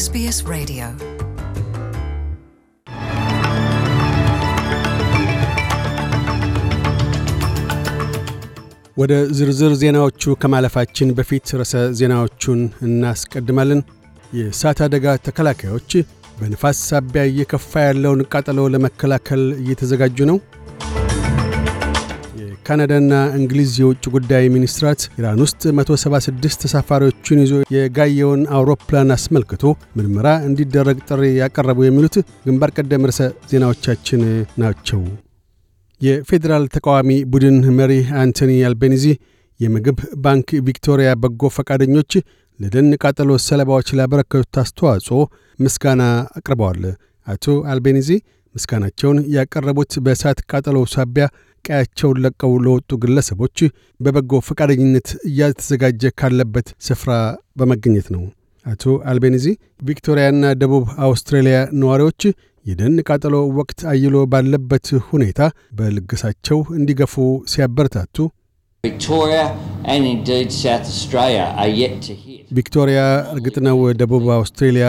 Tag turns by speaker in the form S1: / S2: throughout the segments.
S1: ኤስቢኤስ Radio. ወደ ዝርዝር ዜናዎቹ ከማለፋችን በፊት ርዕሰ ዜናዎቹን እናስቀድማለን። የእሳት አደጋ ተከላካዮች በንፋስ ሳቢያ እየከፋ ያለውን ቃጠሎ ለመከላከል እየተዘጋጁ ነው። የካናዳና እንግሊዝ የውጭ ጉዳይ ሚኒስትራት ኢራን ውስጥ 176 ተሳፋሪዎችን ይዞ የጋየውን አውሮፕላን አስመልክቶ ምርመራ እንዲደረግ ጥሪ ያቀረቡ የሚሉት ግንባር ቀደም ርዕሰ ዜናዎቻችን ናቸው። የፌዴራል ተቃዋሚ ቡድን መሪ አንቶኒ አልቤኒዚ የምግብ ባንክ ቪክቶሪያ በጎ ፈቃደኞች ለደን ቃጠሎ ሰለባዎች ላበረከቱት አስተዋጽኦ ምስጋና አቅርበዋል። አቶ አልቤኒዚ ምስጋናቸውን ያቀረቡት በእሳት ቃጠሎ ሳቢያ ቀያቸውን ለቀው ለወጡ ግለሰቦች በበጎ ፈቃደኝነት እያተዘጋጀ ካለበት ስፍራ በመገኘት ነው። አቶ አልቤኒዚ ቪክቶሪያና ደቡብ አውስትራሊያ ነዋሪዎች የደን ቃጠሎ ወቅት አይሎ ባለበት ሁኔታ በልግሳቸው እንዲገፉ ሲያበረታቱ ቪክቶሪያ እርግጥ ነው ደቡብ አውስትሬልያ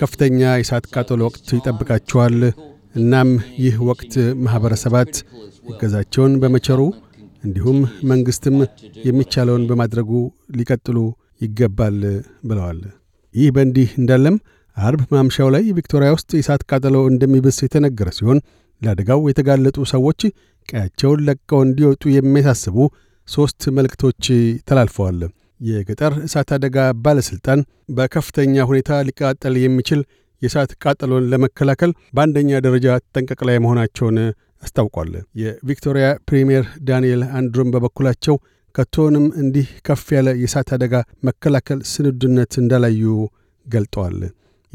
S1: ከፍተኛ የእሳት ቃጠሎ ወቅት ይጠብቃችኋል እናም ይህ ወቅት ማኅበረሰባት እገዛቸውን በመቸሩ እንዲሁም መንግሥትም የሚቻለውን በማድረጉ ሊቀጥሉ ይገባል ብለዋል። ይህ በእንዲህ እንዳለም አርብ ማምሻው ላይ ቪክቶሪያ ውስጥ የእሳት ቃጠሎ እንደሚብስ የተነገረ ሲሆን ለአደጋው የተጋለጡ ሰዎች ቀያቸውን ለቀው እንዲወጡ የሚያሳስቡ ሦስት መልእክቶች ተላልፈዋል። የገጠር እሳት አደጋ ባለሥልጣን በከፍተኛ ሁኔታ ሊቃጠል የሚችል የእሳት ቃጠሎን ለመከላከል በአንደኛ ደረጃ ጠንቀቅ ላይ መሆናቸውን አስታውቋል። የቪክቶሪያ ፕሪምየር ዳንኤል አንድሮም በበኩላቸው ከቶንም እንዲህ ከፍ ያለ የእሳት አደጋ መከላከል ስንዱነት እንዳላዩ ገልጠዋል።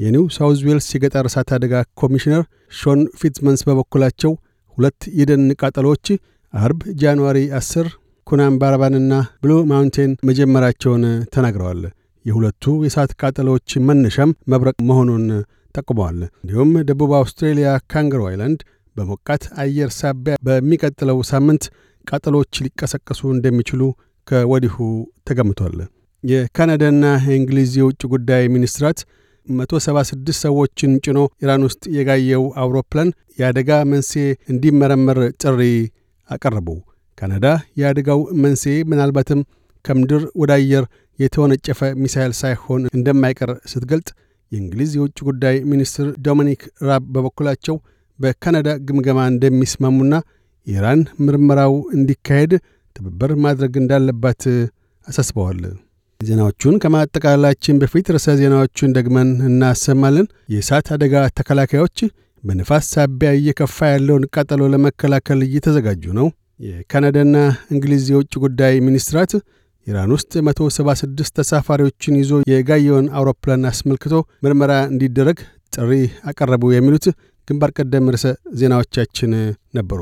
S1: የኒው ሳውዝ ዌልስ የገጠር እሳት አደጋ ኮሚሽነር ሾን ፊትዝመንስ በበኩላቸው ሁለት የደን ቃጠሎዎች አርብ ጃንዋሪ 10 ኩናምባራባንና ብሉ ማውንቴን መጀመራቸውን ተናግረዋል። የሁለቱ የእሳት ቃጠሎዎች መነሻም መብረቅ መሆኑን ጠቁመዋል። እንዲሁም ደቡብ አውስትሬልያ ካንገሮ አይላንድ በሞቃት አየር ሳቢያ በሚቀጥለው ሳምንት ቃጠሎዎች ሊቀሰቀሱ እንደሚችሉ ከወዲሁ ተገምቷል። የካናዳና የእንግሊዝ የውጭ ጉዳይ ሚኒስትራት 176 ሰዎችን ጭኖ ኢራን ውስጥ የጋየው አውሮፕላን የአደጋ መንስኤ እንዲመረመር ጥሪ አቀረቡ። ካናዳ የአደጋው መንስኤ ምናልባትም ከምድር ወደ አየር የተወነጨፈ ሚሳይል ሳይሆን እንደማይቀር ስትገልጽ፣ የእንግሊዝ የውጭ ጉዳይ ሚኒስትር ዶሚኒክ ራብ በበኩላቸው በካናዳ ግምገማ እንደሚስማሙና ኢራን ምርመራው እንዲካሄድ ትብብር ማድረግ እንዳለባት አሳስበዋል። ዜናዎቹን ከማጠቃላላችን በፊት ርዕሰ ዜናዎቹን ደግመን እናሰማለን። የእሳት አደጋ ተከላካዮች በንፋስ ሳቢያ እየከፋ ያለውን ቃጠሎ ለመከላከል እየተዘጋጁ ነው። የካናዳና እንግሊዝ የውጭ ጉዳይ ሚኒስትራት ኢራን ውስጥ 176 ተሳፋሪዎችን ይዞ የጋየውን አውሮፕላን አስመልክቶ ምርመራ እንዲደረግ ጥሪ አቀረቡ። የሚሉት ግንባር ቀደም ርዕሰ ዜናዎቻችን ነበሩ።